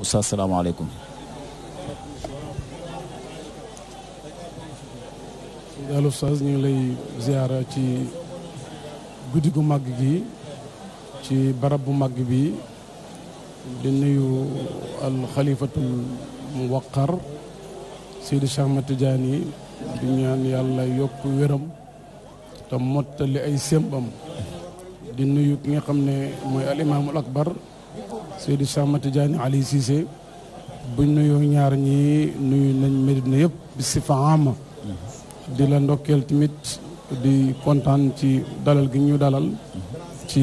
oustaz salaamaaleykum daal oustaz ñu ngi lay ziara ci guddi gu màgg gi ci barab bu màgg bi di nuyu al xalifatul muwaqar Seydi Cheikh Ahmed yi di ñaan yàlla yokk wéram te mottali ay sémbam di nuyu ki nga xam ne mooy al imaamul akbar Seydou Cheikh Tidiane Ali Cissé buñ nuyoo ñaar ñi nuyu nañ Medina yëpp bi si faama di la ndokkeel tamit di kontaan ci dalal gi ñu dalal ci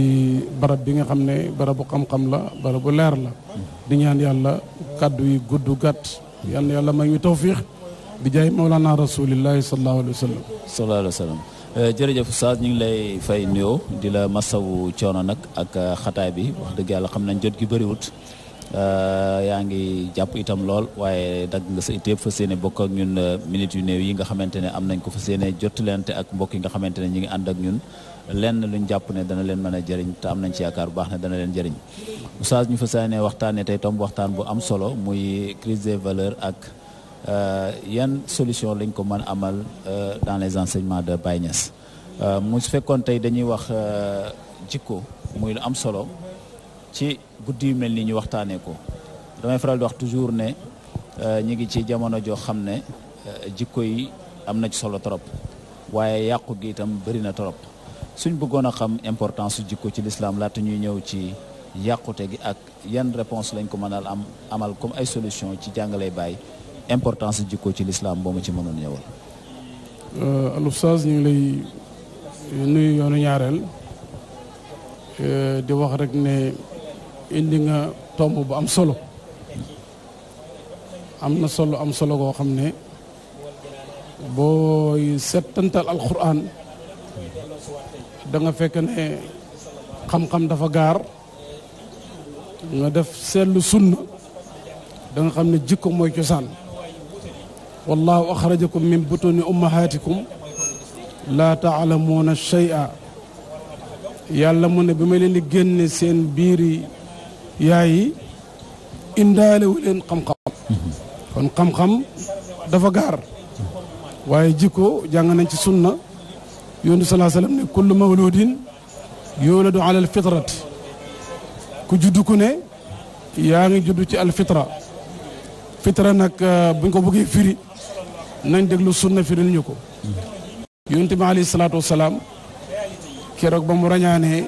barab bi nga xam ne barabu xam-xam la barabu leer la di ñaan yàlla kàddu yi gudd gàtt yal yàlla may ñu tawfiix bi jaay Mawlana rasulillahi sallallahu alayhi wa sallam sallallahu alayhi Euh, jërëjëf Oustaz ñu ngi lay fay nuyoo di la masawu coono nag ak euh, xataay bi wax dëgg yàlla xam nañ jot gi bëriwut euh, yaa ngi jàpp itam lool waaye dagg nga sa it yëpp fas yéene bokk ñun minutes yu néew yi nga xamante ne am nañ ko fas yéene jottalante ak mbokk yi nga xamante ne ñu ngi ànd ak ñun lenn luñ jàpp ne dana leen mën a jëriñ te am nañ ci yaakaar bu baax ne dana leen jëriñ Oustaz ñu fas yéene waxtaanee tey tomb waxtaan bu am solo muy crise des valeurs ak. Euh, yan solution lañ ko mën amal euh, dans les enseignements de Baye Niass euh, mu su fekkoon tey dañuy wax jikko muy lu am solo ci guddi yu mel ni ñuy waxtaanee ko damay faral di wax toujours ne ñu ngi ci jamono joo xam ne jikko yi am na ci solo trop waaye yàqu gi itam bëri na trop suñ bëggoon a xam importance su jikko ci lislaam laata ñuy ñëw ci yàqute gi ak yan réponse lañ ko mënal am amal comme ay solution ci jàngale Baye importance jikko ci lislaam boo ma ci mënoon ñëwal. al euh, oustaz ñu ngi lay nuyu yoonu ñaareel euh, di wax rek ne indi nga tomb bu am solo am na solo am solo goo xam ne booy settantal alquran da nga fekk ne xam-xam dafa gaar nga def seetlu sunna da xam ne jikko mooy cosaan wallahu axrajakum min butuni ummahatikum laa taalamuuna shay'a yàlla mu ne bi may leen di génne seen biir yaay yi indaale wu leen xam-xam kon xam-xam dafa gaar waaye jikko jàng nañ ci sunna yonent salaa sallam ne kullu mawludin yuladu ala alfitrati ku juddu ku ne yaa ngi juddu ci alfitra fitra nag ah, buñ ko bëggee firi nañ déglu sunna firil ñu ko yonent bi alayhi salaatu wasalaam keroog ba mu rañaanee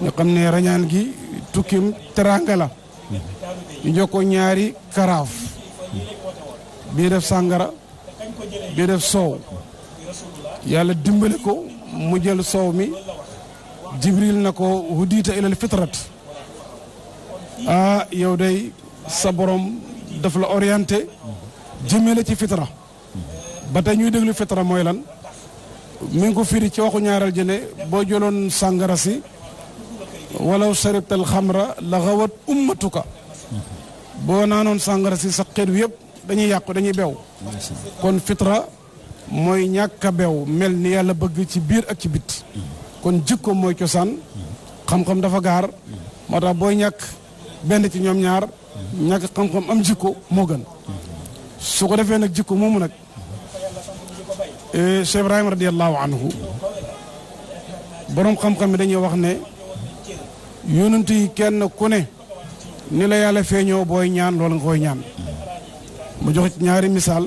nga xam ne rañaan gi tukkim teranga la ñu jokkoo ñaari karaaf bii def sàngara bii def soow yàlla dimbali ko mu jël soow mi jibril na ko hudiita ilal fitrat ah yow day sa borom daf la orienté jëmale ci fitra ba ñuy déglu fitra mooy lan mi ngi ko firi ci waxu ñaareel ji boo jëloon sàngara si walaw saribtal xamra la xawat ummatuka boo naanoon sàngara si sa xeet wi yëpp dañuy yàqu dañuy bew kon fitra mooy ñàkk bew mel ni yàlla bëgg ci biir ak ci bit kon jikko mooy cosaan xam-xam dafa gaar moo tax booy ñàkk benn ci ñoom ñaar ñàkk xam-xam am jikko moo gën su ko defee nag jikko moomu nag eh, Cheikh Ibrahima radiyallahu anhu boroom xam-xam yi dañuy wax ne yonent yi kenn ku ne ni la yàlla feeñoo booy ñaan loolu nga koy ñaan mu jox ci ñaari misaal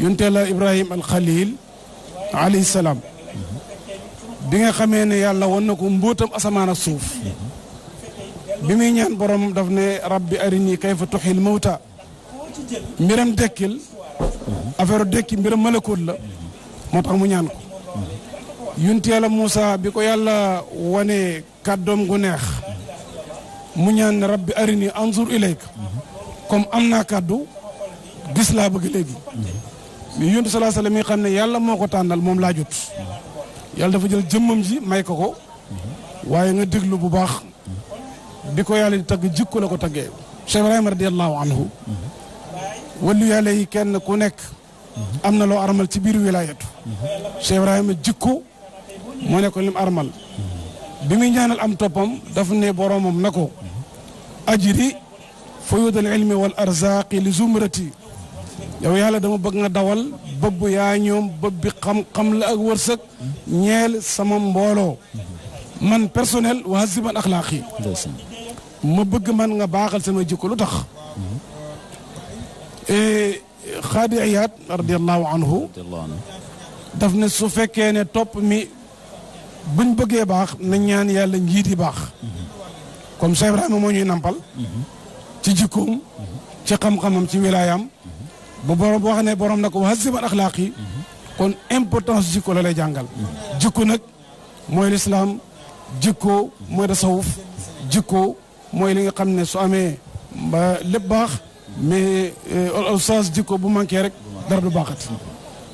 yonte la Ibrahim al Khalil alayhi bi nga xamee ne yàlla wan na ko mbóotam asamaan a suuf bi muy ñaan borom daf ne rabbi arini kayfa tuxil mawta mbiram dékkil affaire dekki mbiram malakoot la moo tax mu ñaan ko yunti yàlla Moussa bi ko yàlla wane kàddoom gu neex mu ñaan ne bi arini anzur ilayka comme am naa kàddu gis laa bëgg léegi mais yuntu salaa salaam mi xam ne yàlla moo ko tànnal moom laa jot yàlla dafa jël jëmmam ji may ko ko waaye nga déglu bu baax bi ko yàlla di tagg jikko la ko taggee Cheikh Ibrahima anhu wàllu yàlla yi kenn ku nekk am na loo armal ci biir wilaayatu Cheikh Ibrahima jikko moo nekkoon lim armal bi muy ñaanal am toppam daf ne boromam na ko ajri fuyuud al ilmi li zumrati yow yàlla dama bëgg nga dawal bëbb yaa ñoom bëb bi xam-xam la ak wërsëg ñeel sama mbooloo man personnel wa haziban axlaaqi ma bëgg man nga baaxal sama jikko lu tax Eh, xaadi iyaad radiallahu anhu daf ne su fekkee ne topp mi buñ bëggee baax na ñaan yàlla njiit yi baax comme Cheikh Ibrahima moo ñuy nampal ci jikkoom ci xam-xamam ci wilaayam bu borom wax ne borom na ko wax siban axlaaq yi kon importance jikko la lay jàngal jikko nag mooy lislaam jikko mooy tasawuf jikko mooy li nga xam ne su amee lépp baax mais al euh, ustaas jikko bu manqué rek dara du baaxat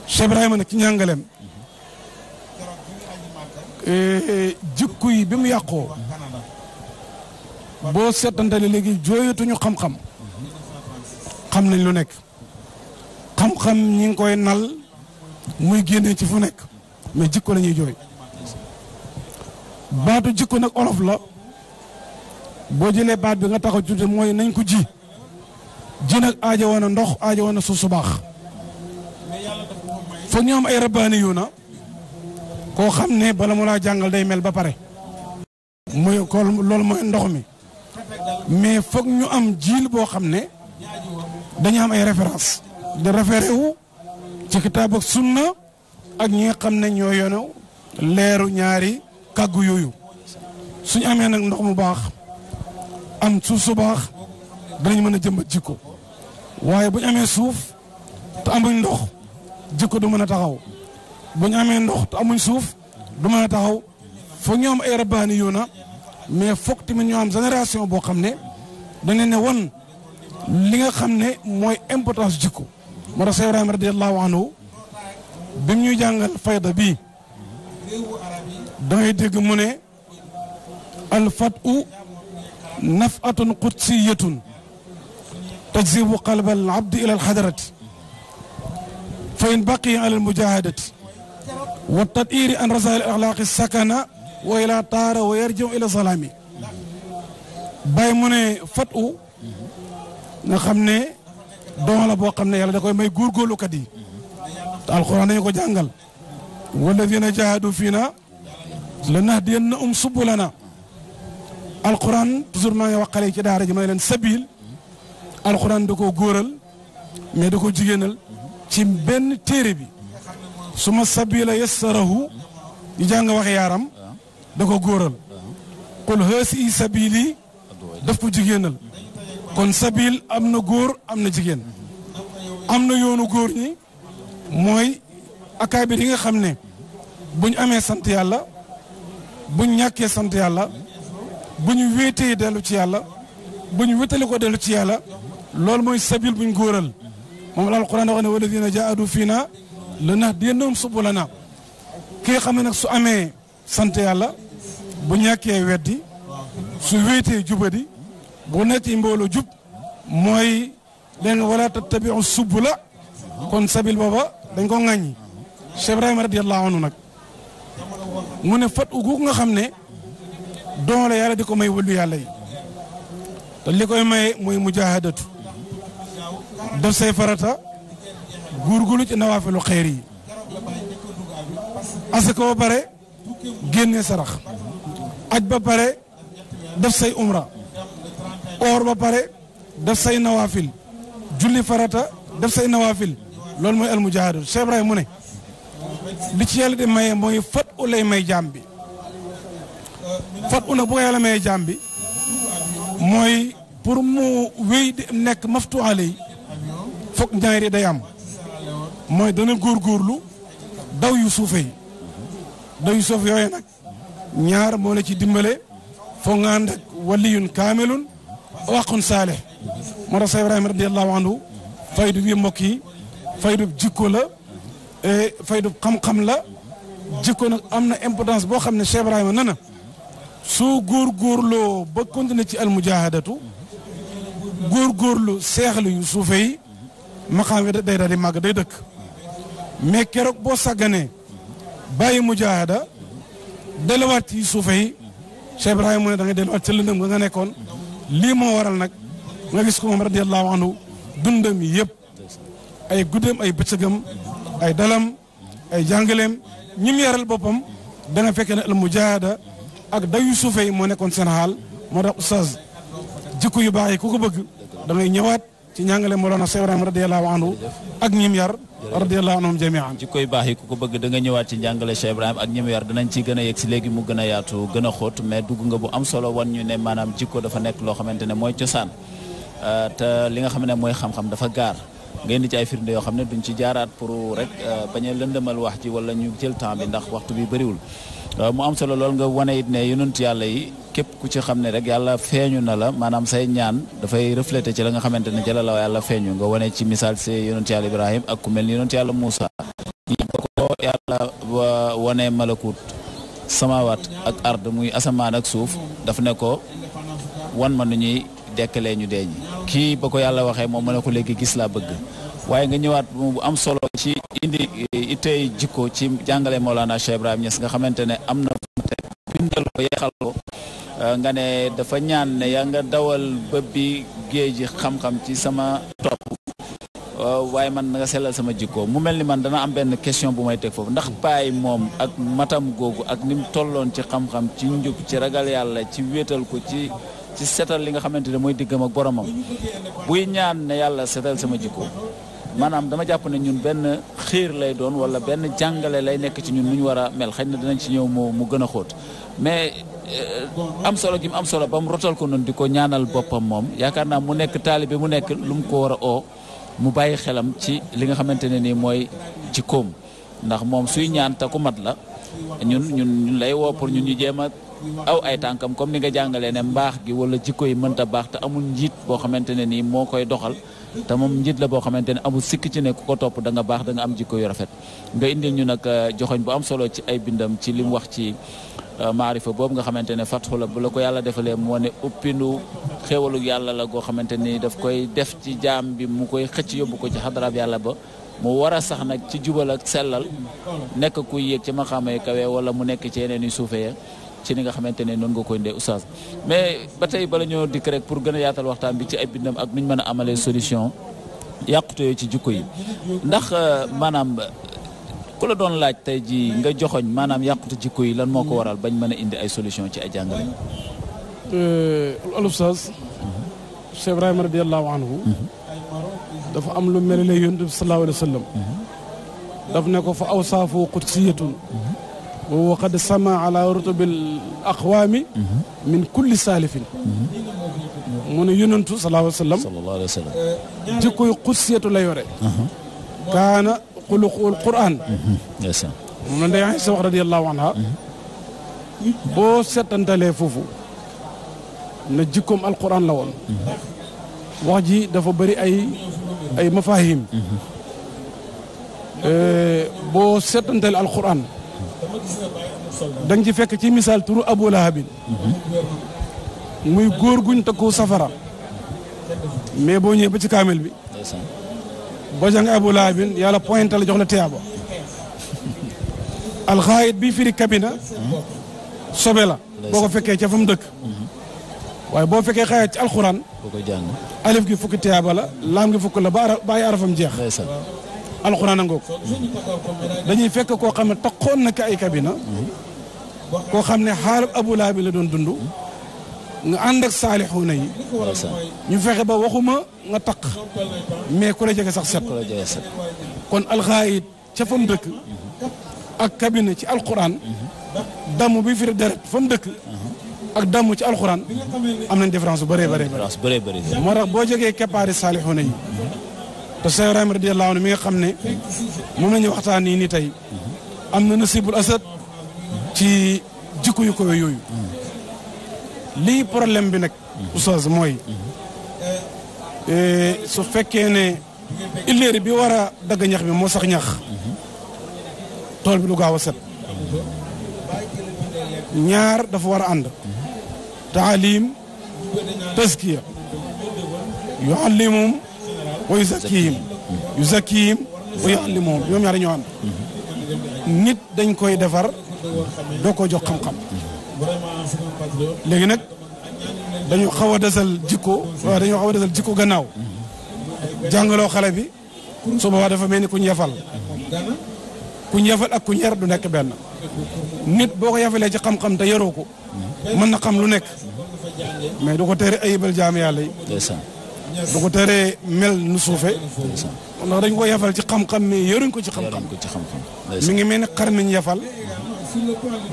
Cheikh Ibrahima nag ci ñàngaleem euh, jikko yi bi mu yàqoo boo seetantale léegi jooyatuñu xam-xam xam nañ lu nekk xam-xam ñi ngi koy nal muy génnee ci fu nekk mais jikko lañuy ñuy jooy baatu jikko nag olof la boo jëlee baat bi nga taxaw ci mooy nañ ko ji ji aajo woon na ndox aajo woon na suuf su baax foog ñu am ay rabbaani yoona koo xam ne bala mu laa jàngal day mel ba pare muy ko lool mooy ndox mi mais foog ñu am jiil boo xam ne dañu am ay référence da référé wu ci kitaab ak ak ñi nga xam ne ñoo yoonu leeru ñaari kàggu yooyu suñu amee nag ndox mu baax am suuf su baax danañ mën a jëmbat jikko waaye bu ñu amee suuf te amuñ ndox jikko du mën a taxaw bu ñu amee ndox te amuñ suuf du mën a taxaw foog ñu am ay rabbaani yoona mais foog tamit ñu am génération boo xam ne dana ne wan li nga xam ne mooy importance jikko moo tax Seex Ibrahima radiyallahu anhu bi mu ñuy jàngal fayda bii dangay dégg mu ne alfatu nafatun qudsiyatun تجذب قلب العبد إلى الحضرة فإن بقي على المجاهدة والتدئير عن رسائل الأخلاق السكنة وإلى طار ويرجع إلى سلامي bay mu ne fatu nga xam ne doon la boo xam ne yàlla da koy may góorgóorlukat yi te alxuraan dañu ko jàngal walladina jahadu fiina lanahdiyanna um subulana alxuraan toujours maa ngi waxale ci daara ji ma ne leen sabil alxuraan da koo góoral mais da ko jigéenal ci benn téere bi su ma sabila yassarahu di jàng wax yaaram da ko góoral qul haasi sabili daf ko jigéenal kon sabiil am na góor am na jigéen am na yoonu góor ñi mooy akaabir yi nga xam ne bu ñu amee sant yàlla buñ ñàkkee sant yàlla bu buñ wéetee dellu ci yàlla bu ñu wétali ko dellu ci yàlla loolu mooy sabil buñ góoral moom la alquran wax ne walladina jaadu fiina lanahdiyannahum subulana ki nga xam ne nag su amee sant yàlla bu ñàkkee weddi su wéetee jubadi bu nekk ci mbooloo jub mooy leen wala tattabiu subula kon sabil booba dañ ko ŋàññi Cheikh Ibrahima radiallahu anhu nag mu ne fat ugu nga xam ne doon la yàlla di ko may wëllu yàlla yi te li koy maye mooy mujaahadatu def say farata góorgóorlu ci nawaafilu xeer yi asaka ba pare génne sarax aj ba pare def say umra oor ba pare def say nawaafil julli farata def nawaafil loolu mooy almujaahadu Cheikh Ibrahima mu ne li ci yàlla di maye mooy fat u lay may jaam bi u nag bu maye jaam mooy pour mu wéy nekk maftuale yi foog ñaari day am mooy dana góorgóorlu daw yu suufe yi daw yu suufe yooyu ñaar moo la ci dimbale foog nga ànd ak waliyun kaamilun waqun saalih moo tax sa Ibrahima radiallahu anhu faydu bi mbokk yi faydub jikko la e faydub xam-xam la jikko nag am na importance boo xam ne Cheikh Ibrahima na su góor góorgóorloo ba continuer ci almujaahadatu góorgóorlu seexlu yu suufe yi maqaam wi day daal di màgg day dëkk mais keroog boo sagganee bàyyi mujaahada delluwaat ci suufe yi Cheikh Ibrahima mu ne da ngay delluwaat ci nga nga nekkoon lii moo waral nag nga gis ko moom radiyallahu anhu dundam yëpp ay guddeem ay bëccëgam ay dalam ay jàngaleem ñi yaral boppam da fekke ne al mujaahada ak dayu suufe yi moo nekkoon seen xaal moo tax oustaz jikko yu baax yi ku ko bëgg da ñëwaat ci njàngale Mawlana Cheikh Ibrahima radiyallahu anhu ak ñim yar radiyallahu anhum jami'an ci koy baax yi ko bëgg da nga ñëwaat ci njàngale Cheikh Ibrahima ak ñim yar dinañ ci gën a yegg si léegi mu gën a yaatu gën mais dugg nga bu am solo wan ñu ne maanaam jikko dafa nekk loo xamante ne mooy cosaan euh, te li nga xam ne mooy xam-xam dafa gaar nga di ci ay firnde yoo xam ne duñ ci jaaraat pour rek euh, bañ a lëndëmal wax ci wala ñu jël temps bi ndax waxtu bi bëriwul euh, mu am képp ku ci xam ne rek yàlla feeñu na la maanaam say ñaan dafay reflété ci la nga xamante ne ci la la yàlla feeñu nga wane ci misaal si yonent yàlla Ibrahim ak ku mel ni yonent yàlla Moussa ñi ko yàlla wane malakut samawaat ak ard muy asamaan ak suuf daf ne ko wan ma nu ñuy ñu dee ñi kii ko yàlla waxee moom ma ne ko léegi gis la bëgg waaye nga ñëwaat bu am solo ci indi eh, itey jikko ci jàngale Mawlana Cheikh Ibrahim Niass nga xamante am na bindal ko euh, nga ne dafa ñaan ne yaa nga dawal bëb bi géej xam-xam ci sama topp euh, waaye man nga sellal sama jikkoo mu mel ni man dana am benn question bu may teg foofu ndax baay moom ak matam googu ak ni mu tolloon ci xam-xam ci njub ci ragal yàlla ci wéetal ko ci ci setal li nga xamante ne mooy diggam ak boromam buy ñaan ne yàlla setal sama jikko maanaam dama jàpp ne ñun benn xiir lay doon wala benn jàngale lay nekk ci ñun nu ñu war a mel xëy na dinañ ci ñëw mu mu gën a xóot mais euh, am solo gi mu am solo ba mu rotal ko noonu di ko ñaanal boppam moom yaakaar naa mu nekk taalibe mu nekk lu mu ko war a oo mu bàyyi xelam ci li nga xamante ne nii mooy jikkoom ndax moom suy ñaan te ku mat la ñun ñun lay woo pour ñun ñu jéem a aw ay tànkam comme ni nga jàngalee ne mbaax gi wala jikko yi mënta baax te amul njiit boo xamante ne nii moo koy doxal te moom njiit la boo xamante ne amul sikk ci ne ku ko topp danga baax danga am jikko yu rafet nga indil ñu nag euh, joxoñ bu am solo ci ay bindam ci li mu wax ci. Euh, maarifa boobu nga xamante ne fatxu la bu la ko yàlla defalee moo ne uppinu xéewalu yàlla la goo xamante ni daf koy def ci jaam bi mu koy xëcc yóbbu ko ci xadarab yàlla ba mu war a sax nag ci jubal ak sellal nekk ku yéeg ci maxaama yu kawee wala mu nekk ci yeneen yu suufee ci ni nga xamante ne noonu nga koy ndee oustaz mais ba tey bala ñoo dikk rek pour gën a yaatal waxtaan bi ci ay bindam ak nuñ mën a amalee solution yàqute yoo ci jikko yi ndax euh, ku la doon laaj tey ji nga joxoñ maanaam yàqute jikko yi lan moo ko waral bañ mën a indi ay solution ci ay jàngale al oustaz Cheikh Ibrahima anhu dafa am lu mel ne yonent bi sallallahu alayhi wa sallam daf ne ko fa awsaafu qudsiyatun wa qad sama ala rutubil aqwaami min kulli saalifin mu ne yonentu sallallahu alayhi jikkoy qudsiyatu la yore xuluqul Qur'an. Mm-hmm. yes moom la Ndeye wax radiyallahu anha mm-hmm. boo setantalee foofu na jikkoom alxuraan la woon. Mm-hmm. wax ji dafa bari ay ay mafahim. Eh, boo setantalee alxuraan da nga ci fekk ci misaal turu Abu Lahabin muy góor guñ takku safara. mais boo ñëwee ba ci kaamel bi. bojang abu laabin yàlla la jox na tiyaabo alxaayit bi firi kabina sobe la boo ko fekkee ca fa mu dëkk waaye boo fekkee xaayit ci alxuraan alif gi fukki tiyaaba la laam gi fukki la ba bàyyi arafam jeex alxuraan a ngoog dañuy fekk koo xam ne taxoon na ka ay kabina mhm. koo xam ne xaalab abu laabi la doon dund nga ànd ak na yi ñu fexe ba waxuma nga taq mais ku la jege sax set kon alxaayit ca fa mu dëkk ak kabine ci alxuraan damm bi firi deret fa mu dëkk ak damm ci alquran am nañ différence bare bëree bëri bëri moo tax boo jegee keppaari saalixuuna yi te Seex Ibrahima radiyallaahu anhu mi nga xam ne moom la ñu waxtaan nii ni tey am na nasibul asad ci jikko yu kowe yooyu lii problème bi nag. oustaz mooy. Mhm. Euh, su fekkee ne illeer bi war a dagg ñax bi moo sax ñax. Mhm. tool bi lu gaaw a set. ñaar dafa war a ànd. Mhm. taalim taskiya yuallimum wa yuzakkihim yuzakkihim wa yuallimum ñoom ñaar ñoo ànd. nit dañ koy defar doo ko jox xam-xam. léegi nag dañu xaw a desal jikko waaw dañu xaw a desal jikko gannaaw jàngaloo xale bi su boobaa dafa mel ni ku ñu yafal kuñ yafal ak kuñ ñu yar du nekk benn nit boo ko yafalee ci xam-xam te ko mën na xam lu nekk mais du ko tere ayibal jaam yàlla yi du ko teree mel nu suufe ndax dañ ko yafal ci xam-xam mais yaruñ ko ci xam-xam mi ngi mel ni xar miñ yafal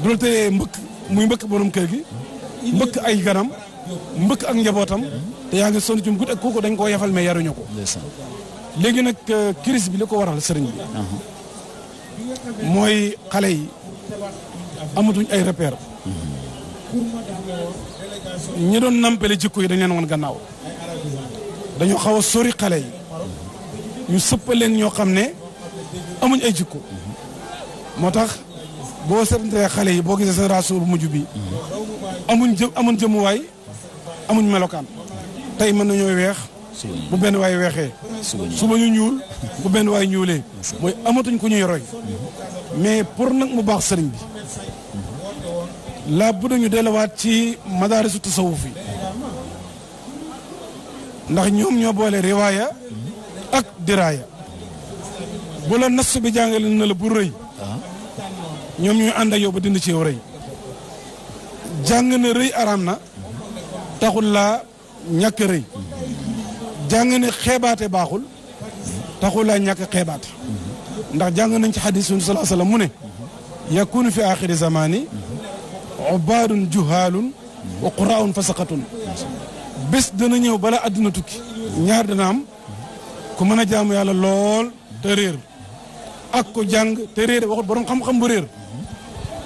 du la teree mbëkk muy mbëkk borom kër gi mbëkk ay ganam mbëkk ak njabootam te yaa ngi sonn ci guddi ak kooku dañ koo yafal mais yaruñu ko léegi nag euh, crise bi li ko waral sëriñ bi mooy xale yi amatuñ ay repère mhm. ñi doon nampale jikko yi dañ leen woon gannaaw dañu xaw a sori xale yi ñu sëppaleen ñoo xam ne amuñ ay jikko mhm. moo tax boo seetantee xale yi boo gisee génération bu mujj bi amuñ jë amuñ jëmuwaay amuñ melokaan tey mën nañoo weex bu benn waay weexee suba ñu ñuul bu benn waay ñuulee mooy amatuñ ku ñu roy mais pour nag mu baax sëriñ bi laa bu dañu delluwaat ci madaarisu tasawuf yi ndax ñoom ñoo boole riwaaya ak diraaya bu la nas bi jàngale na la bu rëy ñoom ñooy ànd ak yow ba dindi ci yow rëy jàng rëy araam na taxul laa ñàkk rëy jàng ne xeebaate baaxul taxul laa ñàkk xeebaate ndax jàng nañ ci xadis suñu salaa mu ne yakunu fi axiri zamani ubaadun juhaalun wa quraun fasaqatun bés dana ñëw bala àdduna tukki ñaar dana ku mën a jaamu yàlla lool te réer ak ko jàng te réer waxut borom xam-xam bu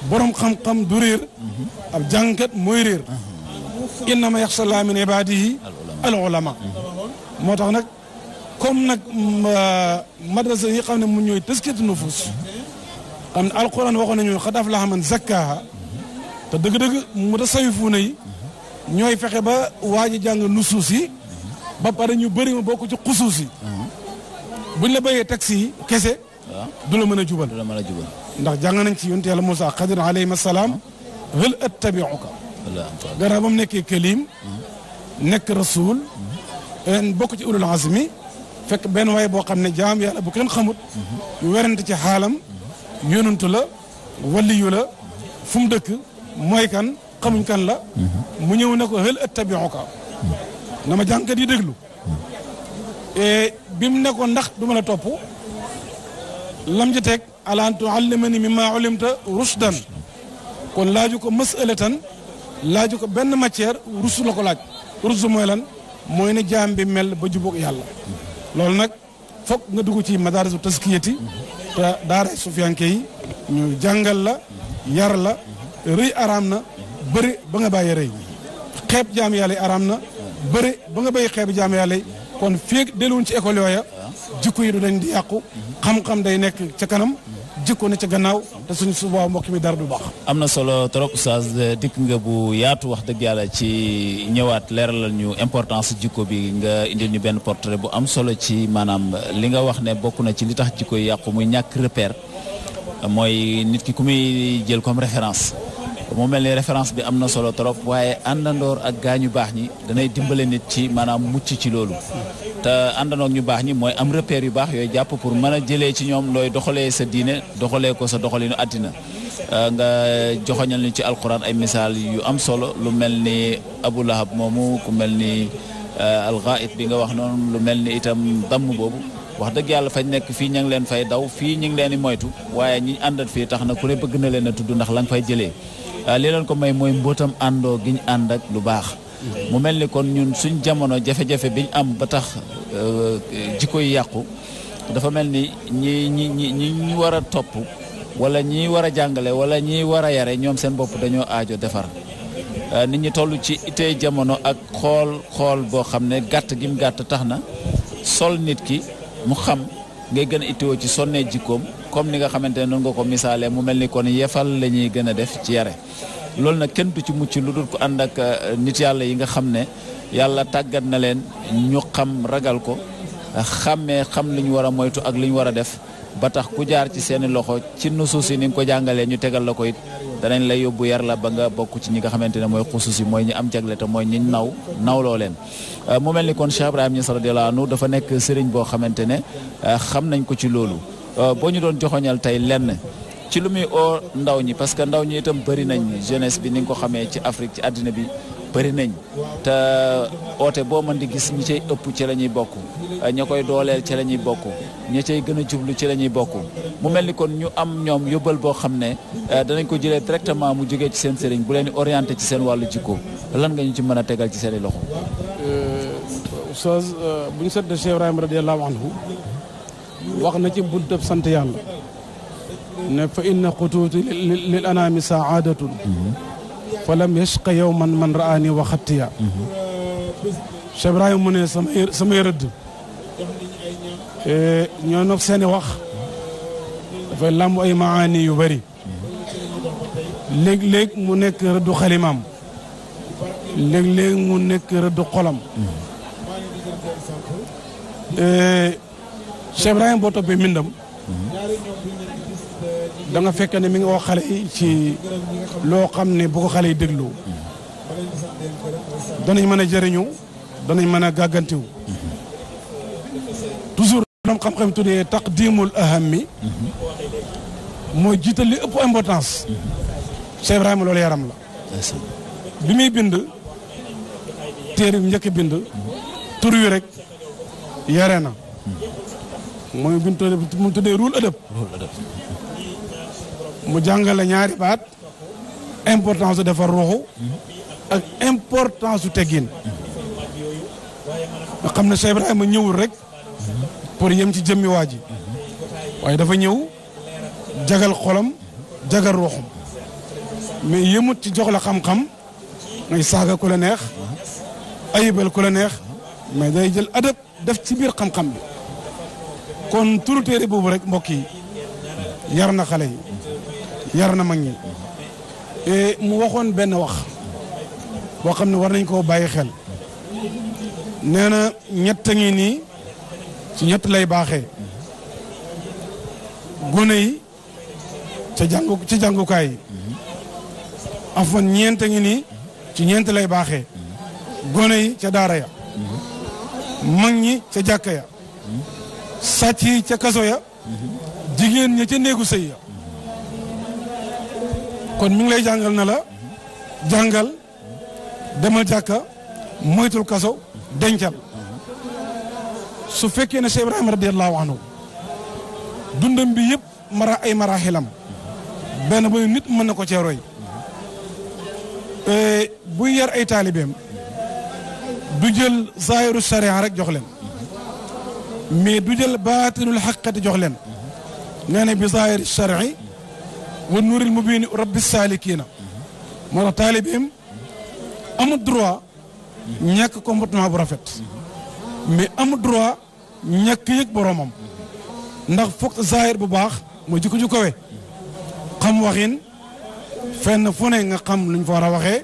borom xam-xam du réer mhm. ab jàngkat mooy réer mhm. innama yaxsallaa min ibaadihi al ulama moo tax nag comme nag mm, euh, madrasa yi xam ne mu ñooy tëskati nufus mhm. xam ne alquran waxoon nañu xad aflaha man zakkaaha te dëgg-dëgg mu ta sawifu na yi ñooy fexe ba waaj a jàng nusuus yi ba pare ñu bëri ma bokk ci xusuus yi buñ la béyee taxi yi kese du la mën a jubal ndax jàng nañ ci yonent yàlla Moussa Xadir alayhi salaam hal attabiuka gannaaw ba mu nekkee kalim nekk rasul bokk ci ulul azmi fekk benn waay boo xam ne jaam yàlla bu kenn xamut yu werante ci xaalam yonantu la waliyu la fu dëkk moy kan xamuñ kan la mu ñëw ne ko hal attabiuka na ma jàngkat yi déglu eh, bi mu ne ndax du ma la topp lam ji teg ala an tuallimani mimma ulimta rusdan kon laaju ko masalatan laaju ko benn matière rus la ko laaj rus mooy lan mooy ne jaam bi mel ba jubóog yàlla loolu nag foog nga dugg ci madarisu taskiyati te daara sufiyanke yi ñu jàngal la yar la rëy araam na bëri ba nga bàyyi rëy xeeb jaam yàlla yi araam na bëri ba nga bàyyi xeeb jaam yàlla yi kon fii delluwoon ci école yooya jikko yi du dañ di yàqu xam-xam day nekk ca kanam jikko na ca gannaaw te suñu subaa mbokk mi dara du baax. am na solo trop oustaz dikk nga bu yaatu wax dëgg yàlla ci ñëwaat leeralal ñu importance jikko bi nga indil ñu benn portrait bu am solo ci maanaam li nga wax ne bokk na ci li tax jikko yàqu muy ñàkk repère mooy nit ki ku muy jël comme référence. mu mel ni référence bi am na solo trop waaye àndandoor ak gaañu baax ñi danay dimbale nit ci maanaam mucc ci loolu te àndandoo ñu baax ñi mooy am repère yu baax yooyu jàpp pour mën a jëlee ci ñoom looy doxalee sa diine doxalee ko sa doxalinu àddina euh, nga joxoñal ñu ci alquran ay misaal yu am solo lu mel ni Abu Lahab moomu ku mel ni euh, alxaait bi nga wax noonu lu mel ni itam damm boobu wax dëgg yàlla fañ nekk fii ña ngi leen fay daw fii ñu ngi leen di moytu waaye ñi àndat fii tax na ku ne bëgg na leen a tudd ndax la nga fay jëlee euh, li leen ko may mooy mbootam àndoo gi ñu ànd ak lu baax. mu mel ni kon ñun suñ jamono jafe-jafe ñu am ba tax euh, jikko yu yàqu dafa mel ni ñi ñi ñi ñi war a topp wala ñiy war a jàngale wala ñi war a yare ñoom seen bopp dañoo aajo defar euh, nit ñi toll ci itee jamono ak xool xool boo xam ne gàtt gi mu gàtt tax na sol nit ki mu xam ngay gën a itteewoo ci sonnee jikkoom comme ni nga xamante ne noonu nga ko misaalee mu mel ni kon yefal la ñuy gën a def ci yare loolu na kenn du ci mucc lu dul ko ànd ak euh, nit yàlla yi nga xam ne yàlla tàggat na leen ñu xam ragal ko xàmmee xam li ñu war a moytu ak li ñu war a def ba tax ku jaar ci seeni loxo ci nusuus yi ni nga ko jàngalee ñu tegal la ko it danañ lay yóbbu yar la ba nga bokk ci ñi nga xamante ne mooy xusuus mooy ñi am jagle te mooy ñi naw nawloo leen. Euh, mu mel ni kon Cheikh Ibrahima Niass radiyallahu anhu dafa nekk sëriñ boo xamante ne euh, xam nañ ko ci loolu boo ñu doon joxoñal tey lenn. ci lu muy oo ndaw ñi parce que ndaw ñi itam bëri nañ jeunesse bi ni nga ko xamee ci Afrique ci àddina bi bëri nañ te oote boo mën di gis ñi cay ëpp ci la ñuy bokk ña koy dooleel ci la ñuy bokk ña cay gën a jublu ci la ñuy bokk mu mel ni kon ñu am ñoom yóbbal boo xam ne eh, danañ ko jëlee directement mu jógee ci seen sëriñ bu leen di orienté ci seen wàllu jikko lan nga ñu ci mën a tegal ci seen i loxo. Euh, Oustaz euh, bu ñu seetlee Cheikh Ibrahima radiyallahu anhu wax na ci buntab sant yàlla. ne fa inna xutuuti lil anaami saadatun fa yashqa yowman man raani wa xattiya mu ne samay rëdd e, ñoo nag seeni wax dafay làmb ay maani yu bëri mu nekk rëddu xalimaam léeg-léeg mu nekk rëddu xolam e, Cheikh boo toppee mbindam da nga fekk ne mi nga wax xale yi ci loo xam ne bu ko xale yi déglu danañ mën a jëriñu danañ mën a gàggantiwu toujours dam xam-xam tuddee taqdimul aham mi mooy jiitale ëpp importance Cheikh Ibrahima loolu yaram la bi muy bind téere mu njëkk bind tur wi rek yare na mooy bi mu tuddee ruul ëdëb mu jàngale ñaari baat importance su defar ruuxu ak importance su teggin nga xam ne Cheikh ma ñëwul rek pour yem ci jëmmi waa ji waaye dafa ñëw jagal xolam jagal ruuxum mais yëmut ci jox la xam-xam ngay saaga ku la neex ayibal ku neex mais day jël adab def ci biir xam-xam bi kon turu téere boobu rek mbokk yi yar na xale yar na mag ñi e mu waxoon benn wax boo xam ne war nañ koo bàyyi xel nee na ñett ngi nii ci ñett lay baaxee gone yi ca jàngu ci jàngukaay yi afan ñeent ngi nii ci ñeent lay baaxee gone yi ca daara ya mag ñi ca jàkka ya sàcc yi ca kaso ya jigéen ña ca néegu sëy ya kon mi ngi lay jàngal na la jàngal demal jàkka moytul kaso dencal su fekkee ne Cheikh Ibrahima radiyallahu anhu dundam bi yëpp mara ay maraaxilam benn bu nit mën na ko cee roy e, buy yar ay taalibeem du jël zaahiru sharia rek jox leen mais du jël baatinul xaqati jox leen nee bi zaahiri sharia wa nuuril mubiin rabbi saalikiina moo tax am amul droit ñàkk comportement bu rafet mais amul droit ñàkk yëg boromam ndax foog zahir bu baax mooy jikko ju kawe xam waxin fenn fu ne nga xam luñ fa war a waxee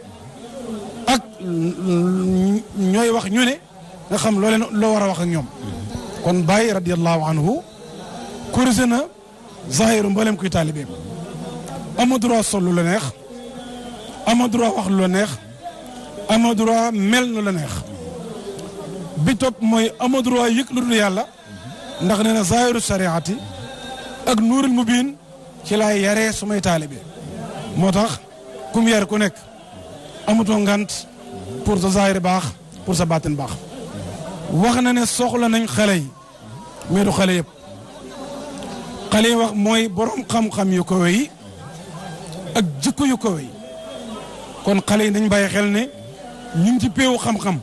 ak ñooy wax ñu nga xam loole leen loo war a wax ak ñoom kon Baye radiyallahu anhu corrigé na zahiru mboolem kuy taalibeem amoo droit sol lu la neex amoo droit wax lu la neex amoo droit mel nu la neex bi topp mooy amoo droit lu dul yàlla ndax nee na zaahiru shariati ak nuurul mubiin ci lay yare yaree sumay taalibe moo tax kum yar ku nekk amatoo ngant pour sa zaahir baax pour sa baatin baax wax na ne soxla nañ xale yi mais du xale yëpp xale yi wax mooy borom xam-xam yu ko wéy ak jikkoyu yu kon xale yi dañ bàyyi xel ne ñu ngi ci péewu xam-xam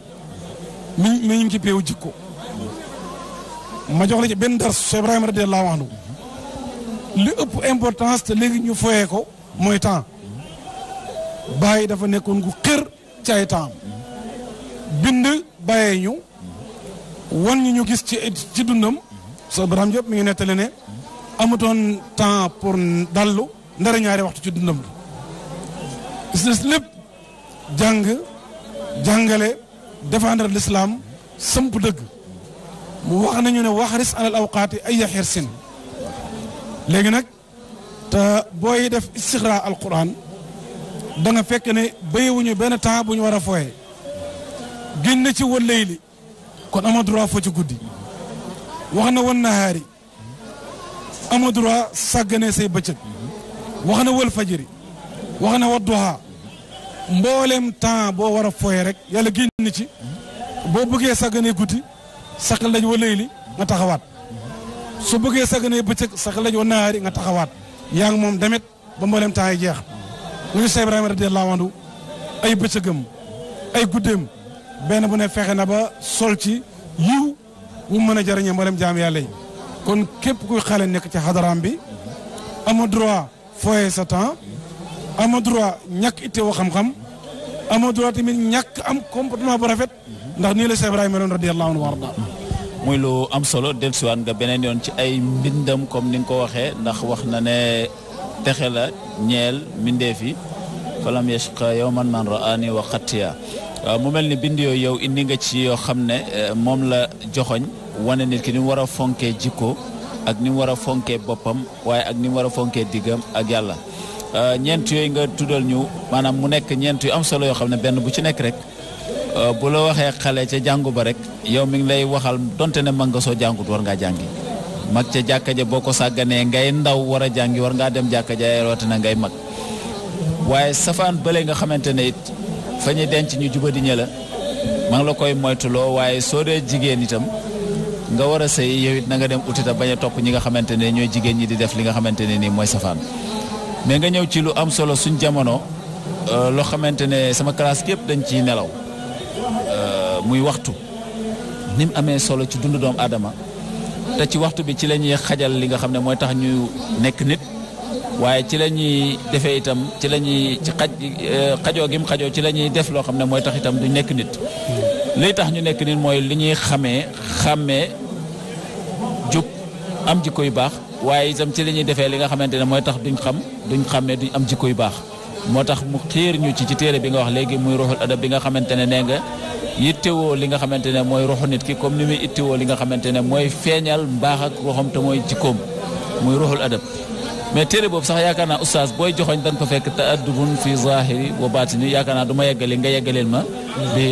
mi mais ñu ngi ci péewu jikko ma jox la ci benn dars Cheikh Ibrahima radiyallahu anhu li ëpp importance te léegi ñu foyee ko mooy temps bàyyi dafa nekkoon gu xër ci temps bind bàyyee ñu wan ñu ñu gis ci ci dundam Cheikh Ibrahima Diop mi ngi nettali ne amutoon temps pour dallu ndara ñaari waxtu ci dundam bi gis na lépp jàng jàngale défendre l'islam sëmp dëgg mu wax nañu ne wax ris alal awqaati ay yaxir sin léegi nag te booy def istixra alquran da nga fekk ne béyewuñu benn temps bu ñu war a fooye génn ci wal kon ama droit fo ci guddi wax na wan nahaari ama droit say bëccëg wax na wal fajiri wax na wadduha mboolem temps boo war a fooye rek yàlla génn ci boo bëggee sagane guddi sax lañ wa leyli nga taxawaat soo bëggee sagganee bëccëg saq lañ wa naari nga taxawaat yaa ngi moom demet ba mboolem temps yi jeex mu ngi Cheikh Ibrahima radiyallahu anhu ay bëccëgam ay guddeem benn bu ne fexe na ba sol ci yiw mu mën a jëriñee mboolem jaam yàlla yi kon képp kuy xale nekk ci xadaraam bi amoo foyee sa temps ama droit ñàkk itte xam-xam ama droit tamit ñàkk am comportement bu rafet ndax ni la Cheikh Ibrahima doon radiyallahu anhu warda muy lu am solo dellusiwaat nga beneen yoon ci ay mbindam comme ni nga ko waxee ndax wax na ne texe la ñeel mbindeef yi falam yashqa yawman man raani wa xattiya waaw mu mel ni bind yoo yow indi nga ci yoo xam ne eh, moom la joxoñ wane nit ki ni mu war a fonkee jikko ak ni mu war a fonkee boppam waaye ak ni mu war a fonkee diggam ak yàlla euh, ñeent yooyu nga tuddal ñu maanaam mu nekk ñeent yu am solo yoo xam ne benn bu ci nekk rek euh, bu la waxee xale ca jàngu ba rek yow mi ngi lay waxal donte ne mag nga soo jàngut war ngaa jàngi mag ca jàkka ja boo ko sàgganee ngay ndaw war a jàngi war ngaa dem jàkka ja na ngay mag waaye safaan bële nga xamante ne it fa ñuy denc ñu jubadi ña la maa ngi la koy moytuloo waaye soo dee jigéen itam nga war a sëy yow it na nga dem uti ta bañ a topp ñi nga xamante ne ñooy jigéen ñi di def li nga xamante ne nii mooy safaan mais nga ñëw ci lu am solo suñ jamono euh, loo xamante ne sama classe képp dañ ciy nelaw euh, muy waxtu ni mu amee solo ci dundu doomu aadama te ci waxtu bi ci la ñuy xajal li nga xam ne mooy tax ñu nekk nit waaye ci la ñuy defee itam ci la ñuy ci xaj euh, xajoo gim xajoo ci la ñuy def loo xam ne mooy tax itam du nekk nit. Hmm. liy tax ñu nekk nit mooy li ñuy xamee xàmmee. am jikko yu baax waaye itam ci li defee li nga xamante ne mooy tax duñ xam duñ xàmmee duñ am jikko yu baax moo tax mu xiir ñu ci ci téere bi nga wax léegi muy ruuxul adab bi nga xamante ne nee nga yittewoo li nga xamante ne mooy ruuxu nit ki comme ni muy ittewoo li nga xamante ne mooy feeñal mbaax ak ruuxam te mooy jikkoom muy ruuxul adab mais téere boobu sax yaakaar naa oustaz booy joxoñ danga ko fekk taaddubun fi zahiri wa baatini yaakaar naa du ma yeggali nga yeggaleel ma bi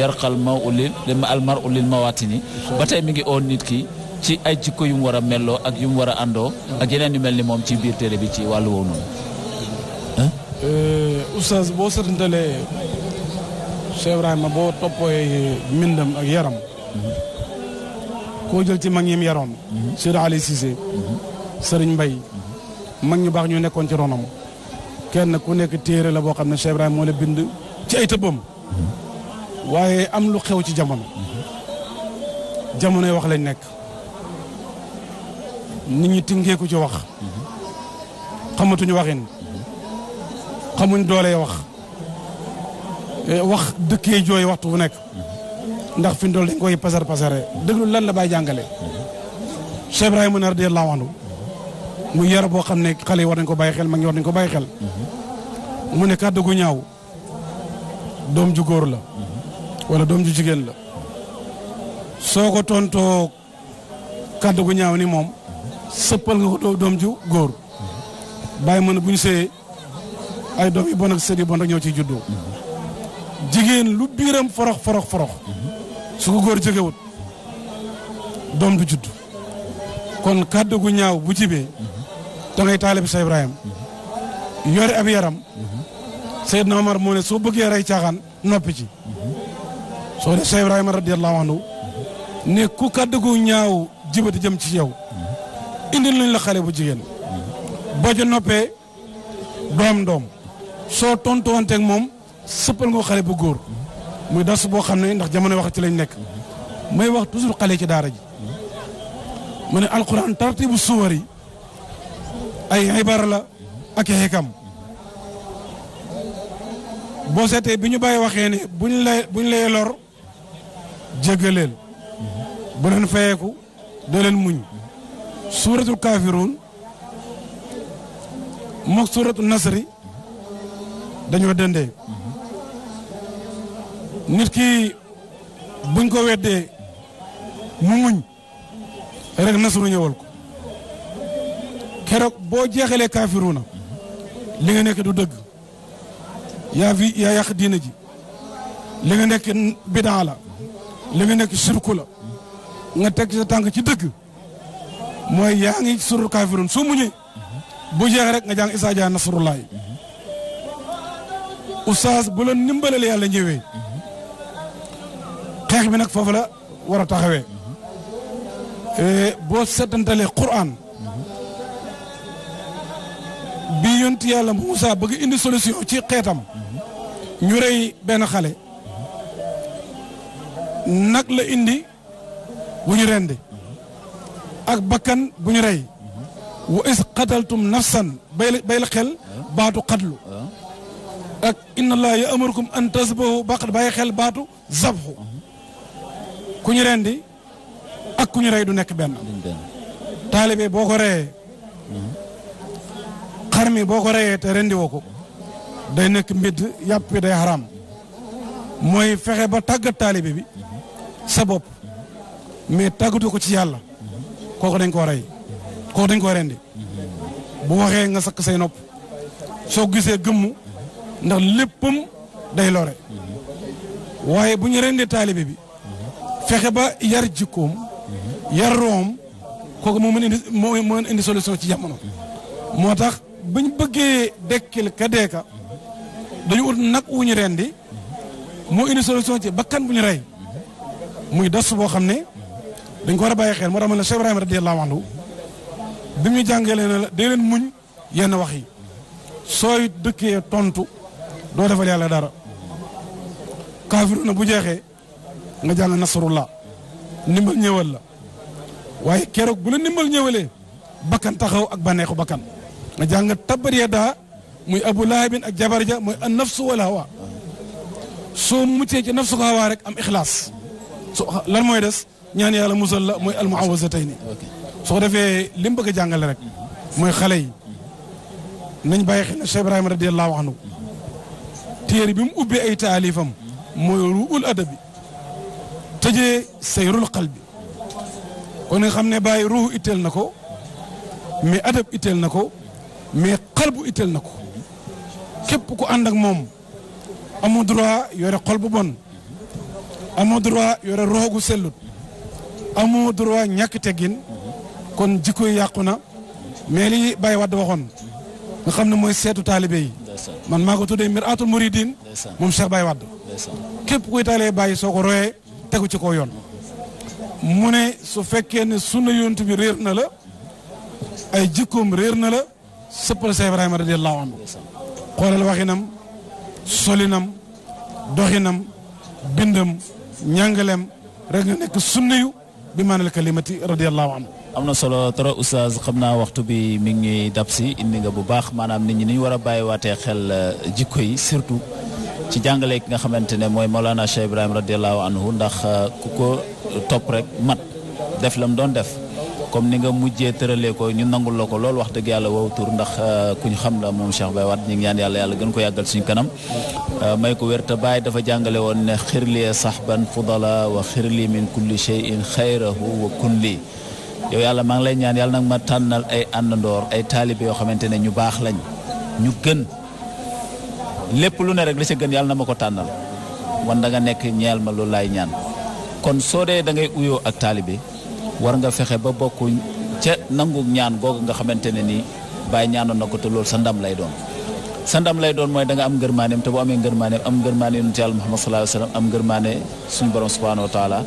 yarqal ma ulil ma almar ulil mawatini ba tey mi ngi ci ay jikko yu mu war a melloo ak yu war a àndoo. ak yeneen yu mel ni moom ci biir téere bi ci wàllu woowu euh, usas boo setantalee Cheikh Ibrahima boo toppee mbindam ak yaram. koo jël ci mag ñim yaroon. Cheikh Ali Cissé. mag ñu baax ñu nekkoon ci ronam. kenn ku nekk téere la boo xam ne Cheikh Ibrahima moo la bind ci ay tëbbam. waaye am lu xew ci jamono. jamono jamonoy wax lañ nekk. nit ñi tingeeku ci wax xamatuñu waxin xamuñ doole wax eh, wax dëkkee jooy waxtu bu nekk ndax fi ndool dañ koy pasar pasare déglu lan la bay jàngale Cheikh Ibrahima na radiyallahu anhu mu yar boo xam ne xale yi war nañ ko bàyyi xel mag ñi war ko bàyyi xel mu ne kàddu gu ñaaw doom ju góor la wala doom ju jigéen la soo ko tontoo gu ñaaw ni moom sëppal nga ko doom ju góor bàyyi ma ne bu ñu sëyee ay doom yu bon ak sët bon rek ñoo ciy juddoo jigéen lu biiram forox forox forox su ko góor jegewut doom du judd kon kàddu gu ñaaw bu jibee da ngay taalib sa Ibrahima yore ab yaram Seydina Omar moo ne soo bëggee rey caaxaan noppi ci soo def sa Ibrahima radiyallahu anhu ne ku kàddu gu ñaaw jibati jëm ci yow indil nañ la xale bu jigéen boo ca noppee doom doom soo tontuwanteeg moom sëppal nga xale bu góor muy das boo xam ne ndax jamono wax ci lañ nekk mooy wax toujours xale ci daara ji mu ne alquran tartibu suwar ay ibaara la ak xikam boo seetee bi ñu bàyyi waxee ne buñ la buñ lay lor jéggaleel bu leen fayeeku doo leen muñ suuratul kaafiruun mook suuratul nasri dañoo dendee nit ki buñ ko weddee mu muñ rek nasru ñëwal ko keroog boo jeexalee kaafiruuna li nga nekk du dëgg yaa fi yaa yàq diina li nga nekk bidaa la li nga nekk sirku nga teg ci tànk ci dëgg mooy yaa ngi surul kaafiruun su muñee bu jeex rek nga jàng isaa jaa nasrullahi oustaz bu la ndimbalal yàlla ñëwee xeex bi nag foofu la war a taxawee eh, boo setantalee Qur'an bi yont yàlla Moussa bëgg indi solution ci xeetam ñu rey benn xale nag la indi bu ñu rendi ak bakkan bu ñu rey wa is qataltum nafsan bay bay xel baatu xatlu ak inna allaha ya'murukum an tasbahu baqar bàyyi xel baatu zabxu ku ñu rendi ak ku rey du nekk benn taalibe boo ko reyee xarmi boo ko reyee te rendi ko day nekk mbidd yàpp day xaraam mooy fexe ba tàggat taalibe bi sa bopp mais ko ci yàlla kooku dañ koo rey kooku dañ koo rendi bu waxee nga sakk say nopp soo gisee gëmmu ndax léppam day lore waaye bu ñu rendee taalibe bi fexe ba yar jikkoom yar room kooku moo mën indi moo mën indi solution ci jamono. moo tax bañ bëggee dekkil ka deeka dañu ut nag wu ñu rendi moo indi solution ci bakkan bu ñu rey muy das boo xam ne dañ ko war a bàyyi xel moo tax ma ne Cheikh Ibrahima radiyallahu na bi ñu jàngalee la dee leen muñ yenn wax yi sooy dëkkee tontu doo defal yàlla dara kaafiru na bu jeexee nga jàng nasarula ndimbal ñëwal la waaye keroog bu la ndimbal ñëwalee bakkan taxaw ak baneexu bakkan nga jàng tabbat yadaa muy abu lahabin ak jabar ja muy an nafsu wal hawa soo muccee ci nafsu ko hawa rek am ixlaas so lan mooy des ñaan yàlla musal la mooy almuawasatayni su ko defee li bëgg a jàngale rek mooy xale yi nañ bàyyi xel Cheikh Ibrahima radiyallahu anhu téere bi mu ubbee ay taalifam mooy ruul adabi tëjee sayrul qalbi kon xam ne bàyyi ruuhu itteel na ko mais adab itteel na ko mais qalbu itteel na ko képp ku ànd moom amoo droit yore xol bu bon amoo droit yore roogu sellut amoo droit ñàkk teggin kon jikko yi yàqu na mais li Baye Wade waxoon nga xam ne mooy seetu taalibe yi man maa ko tuddee miraatul muridin moom Cheikh Baye Wade képp kuy taalee bàyyi soo ko royee tegu ci ko yoon mu ne su fekkee ne sunna yonent bi réer na la ay jikkoom réer na la sëppal Cheikh Ibrahima radiyallahu anhu xoolal waxinam solinam doxinam bindam ñàngalem rek nekk sunna yu bi maanal kalimati radiyallahu anhu am na solo trop oustaz xam naa waxtu bi mi ngi dab si indi nga bu baax maanaam nit ñi ni ñu war a bàyyiwaatee xel euh, jikko yi surtout ci jàngale ki nga xamante ne mooy Maulana Cheikh Ibrahim radiyallahu anhu ndax euh, ku ko topp rek mat def la lam doon def. comme ni nga mujjee tëralee ko ñu nangul la ko lool wax dëgg yàlla wow tur ndax euh, ku ñu xam la moom Cheikh Baye Wade ñu ngi ñaan yàlla yàlla gën ko yàggal suñu kanam euh, may ko wér te Baye dafa jàngale woon ne xirli sahban fudala wa xirli min kulli shay'in xayrahu wa kun lii yow yàlla maa ngi lay ñaan yàlla nag ma tànnal ay àndandoor ay taalibe yoo xamante ne ñu baax lañ ñu gën lépp lu ne rek li ci gën yàlla na ma ko tànnal wan da nga nekk ñeel ma loolu laay ñaan kon soo dee da uyoo ak taalibe war nga fexe ba bokk ca nangu ñaan googu nga xamante ne nii bàyyi ñaanoon na ko te loolu sa ndam lay doon sa ndam lay doon mooy da nga am ngërmaaneem te bu amee ngërmaaneem am ngërmaane yonent yàlla Muhammad sallallahu alayhi wa sallam am ngërmaane suñu borom subhanahu wa taala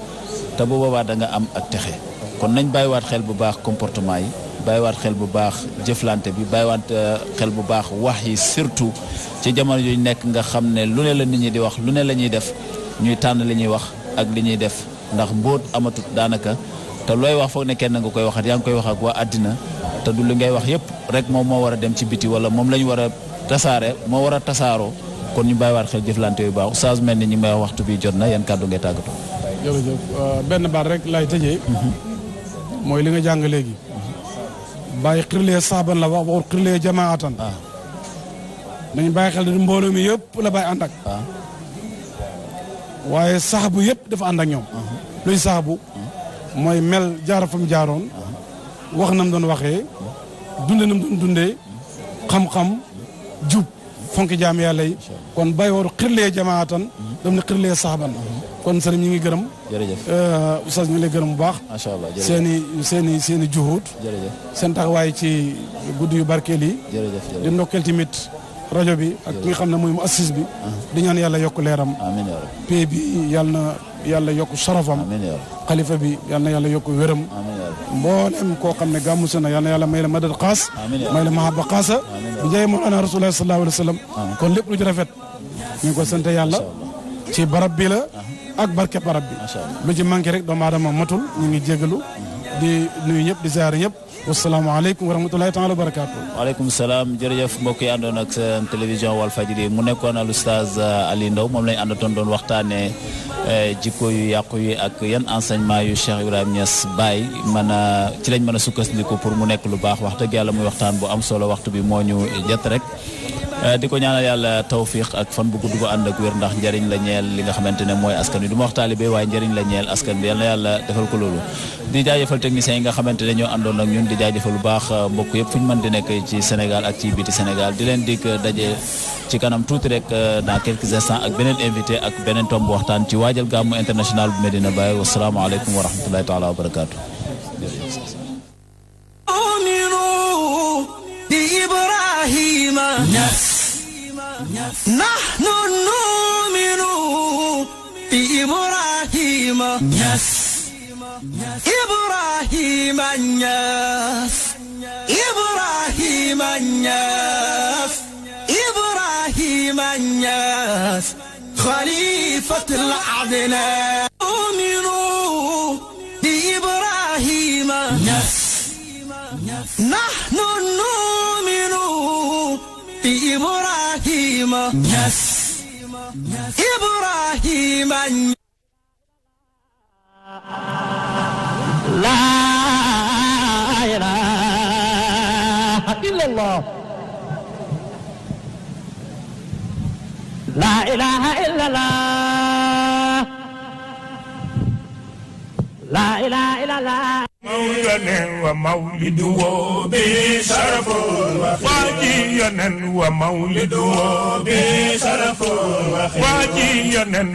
te bu boobaa danga am ak texe kon nañ bàyyiwaat xel bu baax comportement yi bàyyiwaat xel bu baax jëflante bi bàyyiwaat euh, xel bu baax wax yi surtout ci jamono yu nekk nga xam ne lu ne la nit ñi di wax lu ne la ñuy def ñuy tànn li ñuy wax ak li ñuy def ndax mbóot amatut daanaka te looy wax foog ne kenn nga koy waxat yaa ngi koy wax ak waa àddina te du li ngay wax yëpp rek moom moo war a dem ci biti wala moom la ñu war a tasaare moo war a tasaaroo kon ñu bàyyiwaat xel jëflante yu baax oustaz mel ni ñi waxtu bi jot na yan kàddu ngay tàggatoo. jërëjëf euh, benn baat rek lay tëjee. Mhm. mooy li nga jàng léegi. Mhm. bàyyi xirlee saaban la wax waxul xirlee jamaatan. Ah. nañu bàyyi xel mbooloo mi yëpp la bàyyi ànd ak. Ah. waaye saxabu yëpp dafa ànd ak ñoom. Mhm. luñ saxabu. mooy mel jaara fa mu jaaroon wax na mu doon waxee dunde na mu doon dundee xam-xam jub fonk jaam yàlla yi kon bay waru xirlee jamaatan dam ne xirlee saxaban kon sëriñ ñi ngi gërëm jërëjëf euh, oustaz ñu ngi lay gërëm bu baax macha allah seen i seen seen i juhud jërëjëf seen taxawaay ci guddi yu barkeel yi jërëjëf di ndokkeel tamit rajo bi ak ki nga xam ne mooy mu assis bi ah. di ñaan yàlla yokk leeram amiin pay bi yàlla na yàlla yokk sarafam amiin xalifa bi yal na yàlla yokk wéram mboolem koo xam ne gàmmu si na yal na yàlla may la madad xaas may la mahaba xaasa bi jaay moolana rasulullah sallallahu alayhi wa sallam kon lépp lu ci rafet ñu ngi ko sant yàlla ci barab bi la ak barke barab bi lu ci manqué rek doomu aadama matul ñu ngi jégalu di nuyu ñëpp di ziar ñëpp wasalaamaaleykum wa rahmatulahi taala wa barakaatu. waaleykum salaam jërëjëf mbokk yi àndoon ak seen télévision Walfadjri mu nekkoon al oustaz euh, Aliou Ndao moom lañ àndatoon doon waxtaanee euh, jikko yu yàqu yi ak yan enseignement yu Cheikh Ibrahima Niass Baye mën a ci lañ mën a sukkandiku pour mu nekk lu baax wax dëgg yàlla muy waxtaan bu am solo waxtu bi moo ñu jot rek. Euh, di ko ñaanal yàlla tawfiq ak fan bu gudd ko ànd ak wér ndax njëriñ la ñeel li nga xamante ne mooy askan wi du ma wax taalibe waaye njëriñ la ñeel askan bi yal na yàlla defal ko loolu di jaajëfal techniciens yi nga xamante ne ñoo àndoon ak ñun di jaajëfal bu baax euh, mbokk yëpp fu ñu mën di nekk ci Sénégal ak ci biti Sénégal di leen dikk euh, daje ci kanam tuuti rek dans quelques instants ak beneen invité ak beneen tomb waxtaan ci waajal gàmmu international bu Medina Baye wasalaamaaleykum wa rahmatullahi taala wa barakaatu di Ibrahima نحن نؤمن بإبراهيم يس إبراهيم يس إبراهيم يس إبراهيم يس خليفة الأعدناء أؤمنوا بإبراهيم يس نحن نؤمن Ibrahima Ñas Ibrahima laa ilaaha illallah laa ilaaha illallah laa ilaaha illallah mawlanan wa mawlidu bi saraful waaji yonen wa mawlidu bi saraful waaji yonen